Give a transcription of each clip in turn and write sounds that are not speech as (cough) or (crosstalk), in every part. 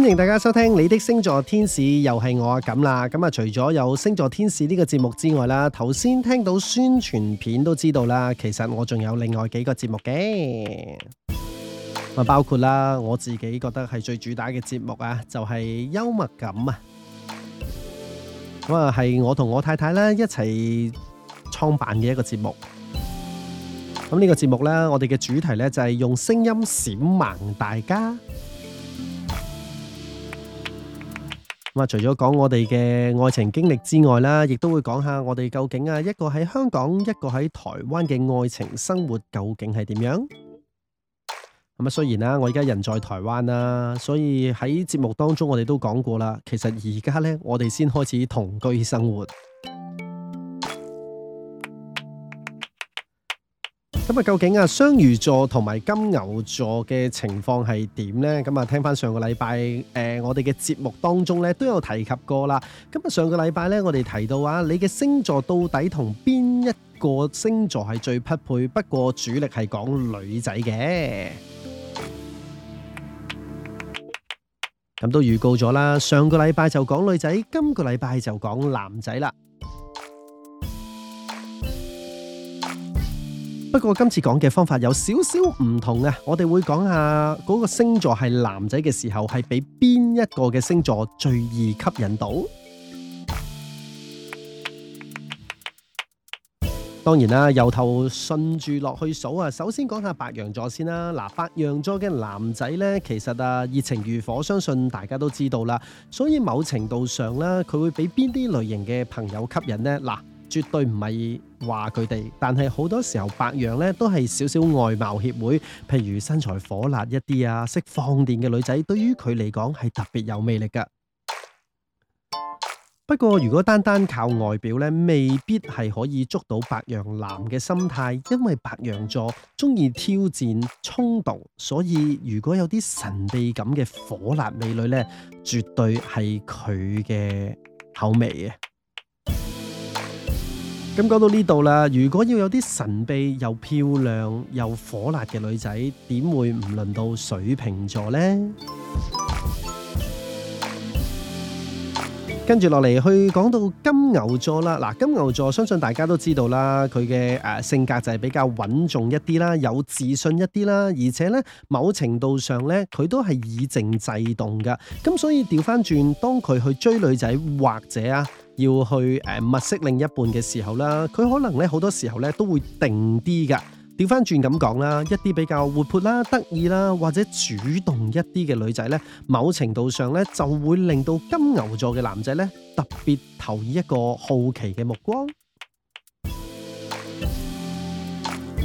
歡迎大家收聽你的星座天使，又係我咁啦。咁啊除咗有星座天使呢個節目之外啦，頭先聽到宣傳片都知道啦，其實我仲有另外幾個節目嘅，啊包括啦，我自己覺得係最主打嘅節目啊，就係幽默感啊，咁啊係我同我太太咧一齊創辦嘅一個節目，咁呢個節目呢，我哋嘅主題呢，就係用聲音閃盲大家。除咗講我哋嘅愛情經歷之外啦，亦都會講下我哋究竟啊一個喺香港，一個喺台灣嘅愛情生活究竟係點樣？咁啊，雖然啦，我而家人在台灣啦，所以喺節目當中我哋都講過啦，其實而家呢，我哋先開始同居生活。咁啊，究竟啊，雙魚座同埋金牛座嘅情況係點呢？咁啊，聽翻上個禮拜，誒、呃，我哋嘅節目當中咧都有提及過啦。今日上個禮拜咧，我哋提到啊，你嘅星座到底同邊一個星座係最匹配？不過主力係講女仔嘅，咁都預告咗啦。上個禮拜就講女仔，今個禮拜就講男仔啦。不過今次講嘅方法有少少唔同啊！我哋會講下嗰個星座係男仔嘅時候，係俾邊一個嘅星座最易吸引到？當然啦，由頭順住落去數啊！首先講下白羊座先啦。嗱，白羊座嘅男仔呢，其實啊，熱情如火，相信大家都知道啦。所以某程度上呢，佢會俾邊啲類型嘅朋友吸引呢？嗱，絕對唔係。話佢哋，但係好多時候白羊咧，都係少少外貌協會，譬如，身材火辣一啲啊，識放電嘅女仔，對於佢嚟講係特別有魅力㗎。不過如果單單靠外表咧，未必係可以捉到白羊男嘅心態，因為白羊座中意挑戰、衝動，所以如果有啲神秘感嘅火辣美女咧，絕對係佢嘅口味嘅。咁講到呢度啦，如果要有啲神秘又漂亮又火辣嘅女仔，點會唔輪到水瓶座呢？ (noise) 跟住落嚟去講到金牛座啦，嗱，金牛座相信大家都知道啦，佢嘅誒性格就係比較穩重一啲啦，有自信一啲啦，而且呢，某程度上呢，佢都係以靜制動噶。咁所以調翻轉，當佢去追女仔或者啊。要去誒物色另一半嘅時候啦，佢可能咧好多時候咧都會定啲㗎。掉返轉咁講啦，一啲比較活潑啦、得意啦或者主動一啲嘅女仔咧，某程度上咧就會令到金牛座嘅男仔咧特別投以一個好奇嘅目光。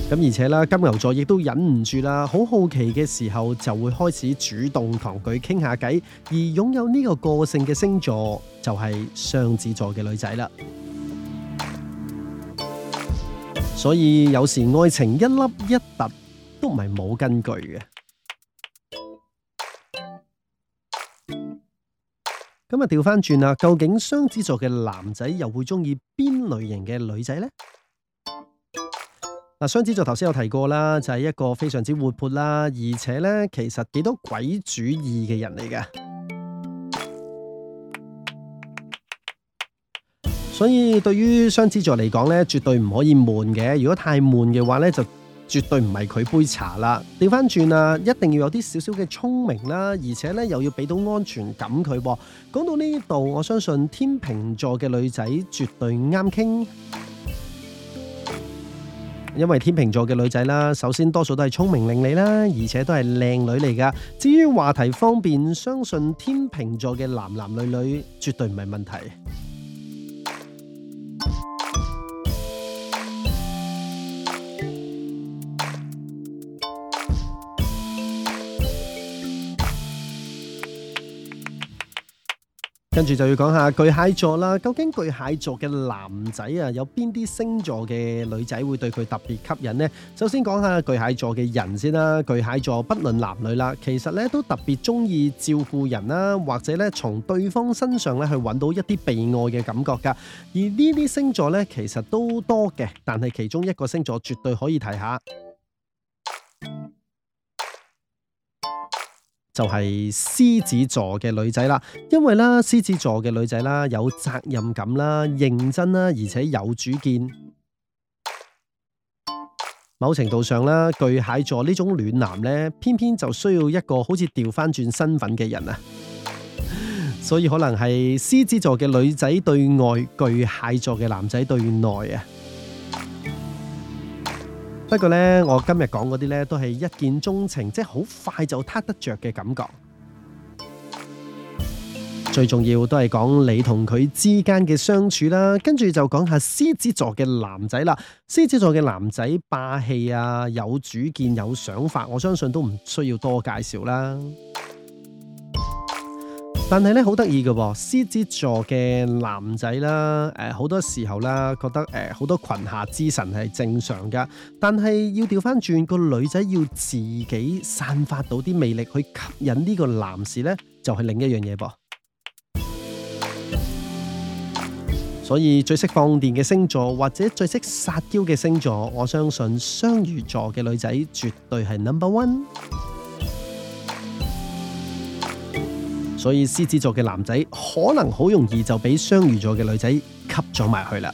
咁而且啦，金牛座亦都忍唔住啦，好好奇嘅時候就會開始主動同佢傾下偈。而擁有呢個個性嘅星座就係雙子座嘅女仔啦。所以有時愛情一凹一凸都唔係冇根據嘅。咁啊，調翻轉啦，究竟雙子座嘅男仔又會中意邊類型嘅女仔呢？嗱，雙子座頭先有提過啦，就係一個非常之活潑啦，而且咧，其實幾多鬼主意嘅人嚟嘅。所以對於雙子座嚟講咧，絕對唔可以悶嘅。如果太悶嘅話咧，就絕對唔係佢杯茶啦。調翻轉啊，一定要有啲少少嘅聰明啦，而且咧又要俾到安全感佢。講到呢度，我相信天秤座嘅女仔絕對啱傾。因為天秤座嘅女仔啦，首先多數都係聰明伶俐啦，而且都係靚女嚟噶。至於話題方面，相信天秤座嘅男男女女絕對唔係問題。跟住就要講下巨蟹座啦，究竟巨蟹座嘅男仔啊，有邊啲星座嘅女仔會對佢特別吸引呢？首先講下巨蟹座嘅人先啦，巨蟹座不論男女啦，其實咧都特別中意照顧人啦，或者咧從對方身上咧去揾到一啲被愛嘅感覺噶。而呢啲星座咧，其實都多嘅，但係其中一個星座絕對可以睇下。就係獅子座嘅女仔啦，因為啦獅子座嘅女仔啦有責任感啦、認真啦，而且有主見。某程度上啦，巨蟹座呢種暖男呢，偏偏就需要一個好似調翻轉身份嘅人啊，所以可能係獅子座嘅女仔對外，巨蟹座嘅男仔對內啊。不過呢，我今日講嗰啲呢都係一見鍾情，即係好快就撻得着嘅感覺。最重要都係講你同佢之間嘅相處啦，跟住就講下獅子座嘅男仔啦。獅子座嘅男仔霸氣啊，有主見，有想法，我相信都唔需要多介紹啦。但係咧，好得意嘅，獅子座嘅男仔啦，誒、呃，好多時候啦，覺得誒，好、呃、多裙下之臣係正常噶。但係要調翻轉個女仔，要自己散發到啲魅力去吸引呢個男士呢，就係、是、另一樣嘢噃。所以最識放電嘅星座，或者最識撒嬌嘅星座，我相信雙魚座嘅女仔絕對係 number one。所以獅子座嘅男仔可能好容易就俾雙魚座嘅女仔吸咗埋去啦。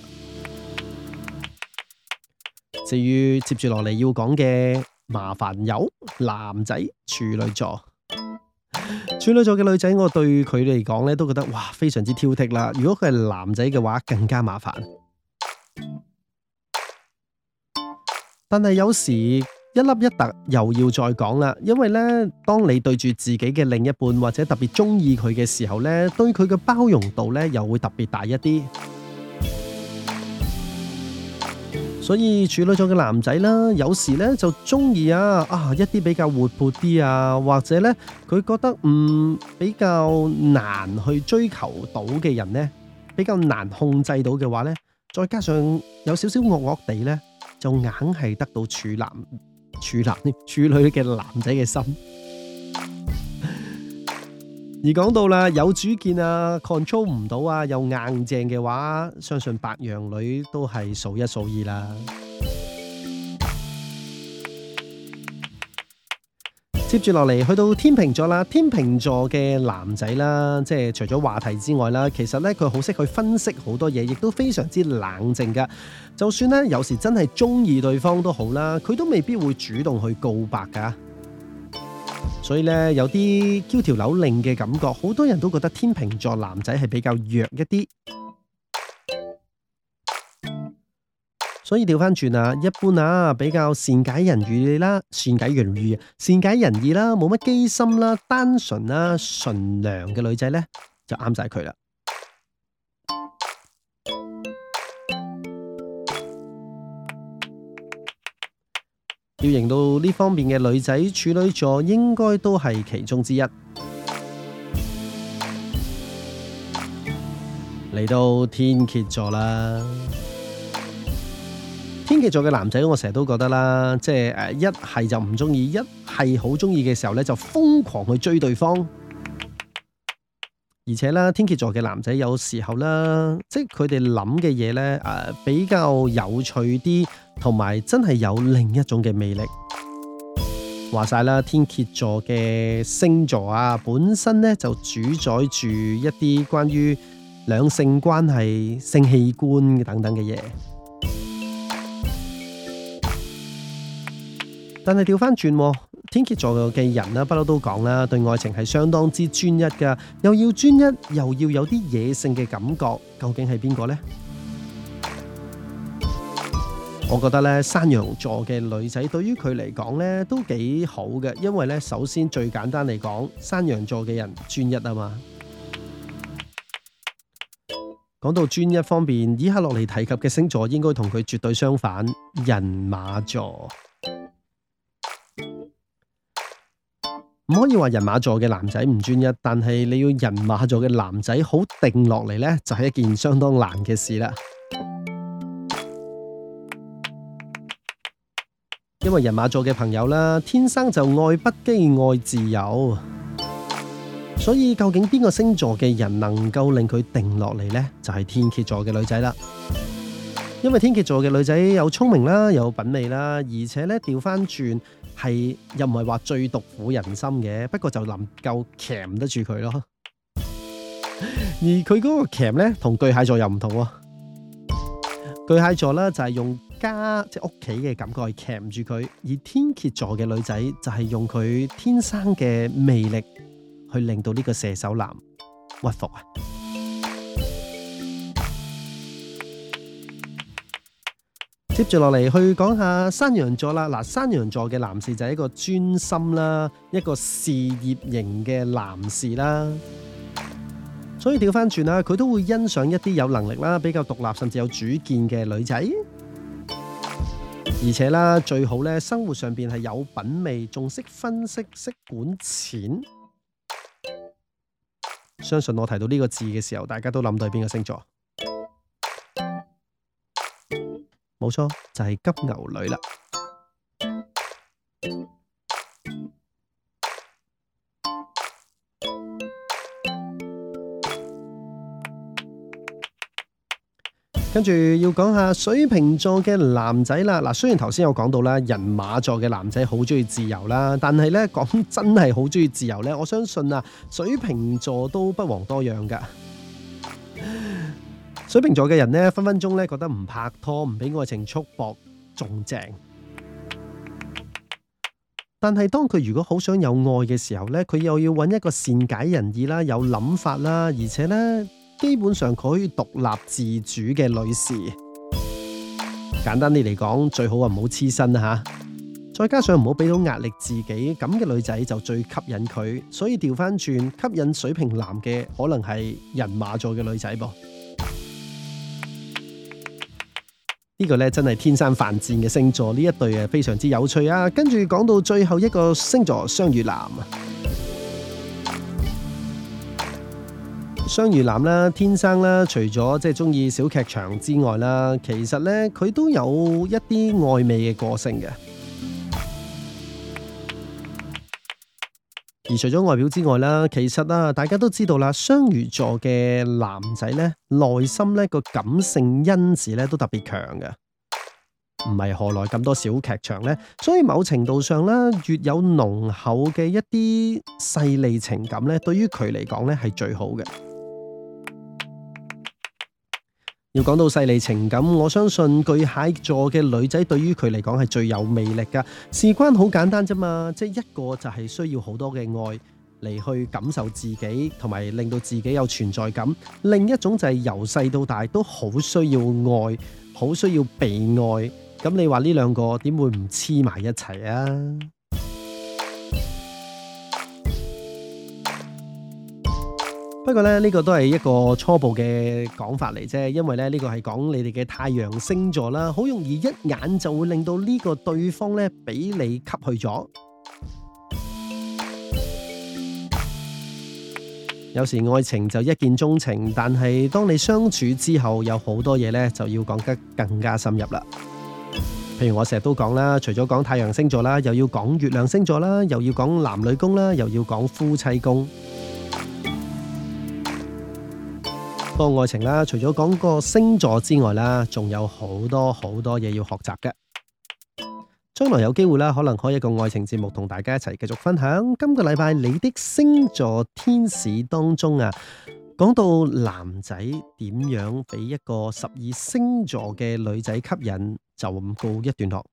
至於接住落嚟要講嘅麻煩友男仔處女座，處女座嘅女仔，我對佢嚟講咧都覺得哇非常之挑剔啦。如果佢係男仔嘅話，更加麻煩。但係有時，一粒一突又要再講啦，因為咧，當你對住自己嘅另一半或者特別中意佢嘅時候咧，對佢嘅包容度咧又會特別大一啲。所以處女座嘅男仔啦，有時咧就中意啊、啊一啲比較活潑啲啊，或者咧佢覺得嗯，比較難去追求到嘅人咧，比較難控制到嘅話咧，再加上有少少惡惡地咧，就硬係得到處男。處男、處女嘅男仔嘅心， (laughs) 而講到啦，有主見啊，control 唔到啊，又硬正嘅話，相信白羊女都係數一數二啦。接住落嚟，去到天秤座啦，天秤座嘅男仔啦，即係除咗話題之外啦，其實咧佢好識去分析好多嘢，亦都非常之冷靜㗎。就算咧有時真係中意對方都好啦，佢都未必會主動去告白㗎。所以咧有啲嬌條扭擰嘅感覺，好多人都覺得天秤座男仔係比較弱一啲。所以調翻轉啊，一般啊比較善解人意啦，善解人意，善解人意啦，冇乜機心啦，單純啦，純良嘅女仔呢，就啱晒佢啦。要認到呢方面嘅女仔，處女座應該都係其中之一。嚟到天蠍座啦。天蠍座嘅男仔，我成日都覺得啦，即係誒，一係就唔中意，一係好中意嘅時候咧，就瘋狂去追對方。而且啦，天蠍座嘅男仔有時候啦，即係佢哋諗嘅嘢咧，誒比較有趣啲，同埋真係有另一種嘅魅力。話晒啦，天蠍座嘅星座啊，本身咧就主宰住一啲關於兩性關係、性器官等等嘅嘢。但係調翻轉，天蠍座嘅人啦，不嬲都講啦，對愛情係相當之專一噶，又要專一，又要有啲野性嘅感覺。究竟係邊個呢？我覺得咧，山羊座嘅女仔對於佢嚟講咧都幾好嘅，因為咧，首先最簡單嚟講，山羊座嘅人專一啊嘛。講到專一方面，以下落嚟提及嘅星座應該同佢絕對相反，人馬座。唔可以話人馬座嘅男仔唔專一，但係你要人馬座嘅男仔好定落嚟，呢就係一件相當難嘅事啦。因為人馬座嘅朋友啦，天生就愛不羈、愛自由，所以究竟邊個星座嘅人能夠令佢定落嚟呢？就係天蠍座嘅女仔啦。因為天蠍座嘅女仔有聰明啦，有品味啦，而且呢調翻轉。係又唔係話最毒婦人心嘅，不過就能夠鉗得住佢咯。而佢嗰個鉗咧，同巨蟹座又唔同喎。巨蟹座咧就係、是、用家即係屋企嘅感覺去鉗住佢，而天蠍座嘅女仔就係用佢天生嘅魅力去令到呢個射手男屈服啊。接住落嚟去講下山羊座啦，嗱，山羊座嘅男士就係一個專心啦，一個事業型嘅男士啦，所以調翻轉啦，佢都會欣賞一啲有能力啦、比較獨立甚至有主見嘅女仔，而且啦最好咧，生活上面係有品味，仲識分析、識管錢。相信我提到呢個字嘅時候，大家都諗到係邊個星座？冇錯，就係金牛女啦。跟住要講下水瓶座嘅男仔啦。嗱，雖然頭先有講到啦，人馬座嘅男仔好中意自由啦，但係呢講真係好中意自由呢。我相信啊，水瓶座都不遑多讓噶。水瓶座嘅人呢，分分鐘呢覺得唔拍拖唔俾愛情束縛仲正。但係當佢如果好想有愛嘅時候呢，佢又要揾一個善解人意啦、有諗法啦，而且呢，基本上佢可以獨立自主嘅女士。簡單啲嚟講，最好就啊唔好黐身啦吓。再加上唔好俾到壓力自己，咁嘅女仔就最吸引佢。所以調翻轉，吸引水瓶男嘅可能係人馬座嘅女仔噃。這個呢個咧真係天生犯賤嘅星座，呢一對啊非常之有趣啊。跟住講到最後一個星座雙魚男，雙魚男啦，天生啦，除咗即係中意小劇場之外啦，其實咧佢都有一啲曖昧嘅個性嘅。而除咗外表之外啦，其實啊，大家都知道啦，雙魚座嘅男仔咧，內心咧個感性因子咧都特別強嘅，唔係何來咁多小劇場咧？所以某程度上咧，越有濃厚嘅一啲細膩情感咧，對於佢嚟講咧係最好嘅。要講到細膩情感，我相信巨蟹座嘅女仔對於佢嚟講係最有魅力噶。事關好簡單啫嘛，即係一個就係需要好多嘅愛嚟去感受自己，同埋令到自己有存在感；另一種就係由細到大都好需要愛，好需要被愛。咁你話呢兩個點會唔黐埋一齊啊？不過咧，呢個都係一個初步嘅講法嚟啫，因為咧，呢個係講你哋嘅太陽星座啦，好容易一眼就會令到呢個對方咧俾你吸去咗。有時愛情就一見鍾情，但係當你相處之後，有好多嘢咧就要講得更加深入啦。譬如我成日都講啦，除咗講太陽星座啦，又要講月亮星座啦，又要講男女宮啦，又要講夫妻宮。個愛情啦，除咗講個星座之外啦，仲有好多好多嘢要學習嘅。將來有機會啦，可能開一個愛情節目，同大家一齊繼續分享。今個禮拜你的星座天使當中啊，講到男仔點樣俾一個十二星座嘅女仔吸引，就咁告一段落。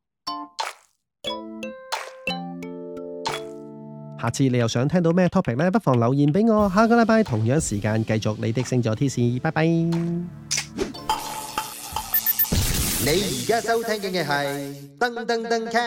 下次你又想聽到咩 topic 呢？不妨留言俾我。下個禮拜同樣時間繼續你的星座提示，拜拜。你而家收聽緊嘅係燈登登 cast。登登登卡。